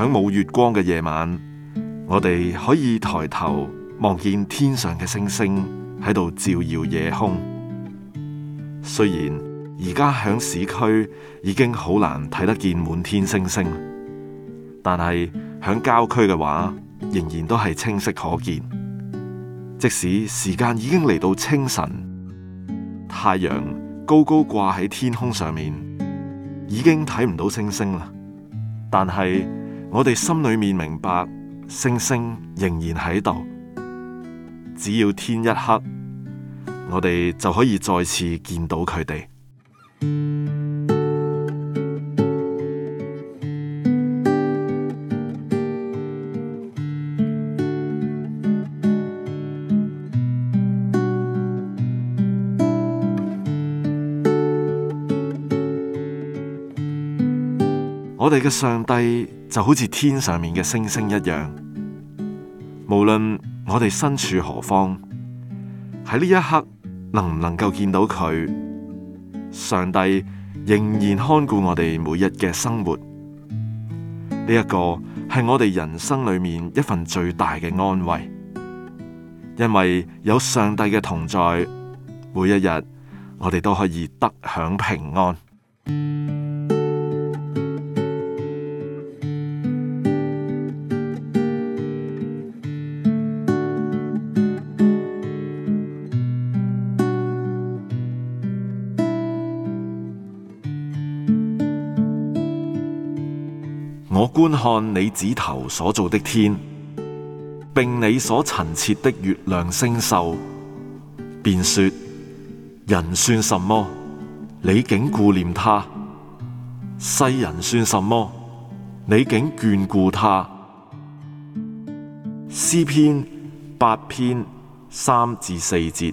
響冇月光嘅夜晚，我哋可以抬頭望見天上嘅星星喺度照耀夜空。雖然而家響市區已經好難睇得見滿天星星，但係響郊區嘅話，仍然都係清晰可見。即使時間已經嚟到清晨，太陽高高掛喺天空上面，已經睇唔到星星啦。但係我哋心裏面明白，星星仍然喺度，只要天一黑，我哋就可以再次見到佢哋。我哋嘅上帝。就好似天上面嘅星星一樣，無論我哋身處何方，喺呢一刻能唔能夠見到佢，上帝仍然看顧我哋每日嘅生活。呢一個係我哋人生裏面一份最大嘅安慰，因為有上帝嘅同在，每一日我哋都可以得享平安。我觀看你指頭所造的天，並你所陳設的月亮星宿，便說：人算什麼？你竟顧念他；世人算什麼？你竟眷顧他。詩篇八篇三至四節。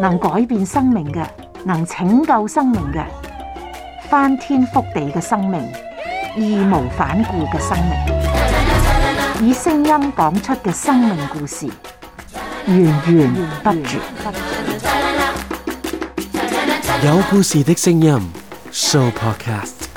能改變生命嘅，能拯救生命嘅，翻天覆地嘅生命，義無反顧嘅生命，以聲音講出嘅生命故事，源源不絕。有故事的聲音，Show Podcast。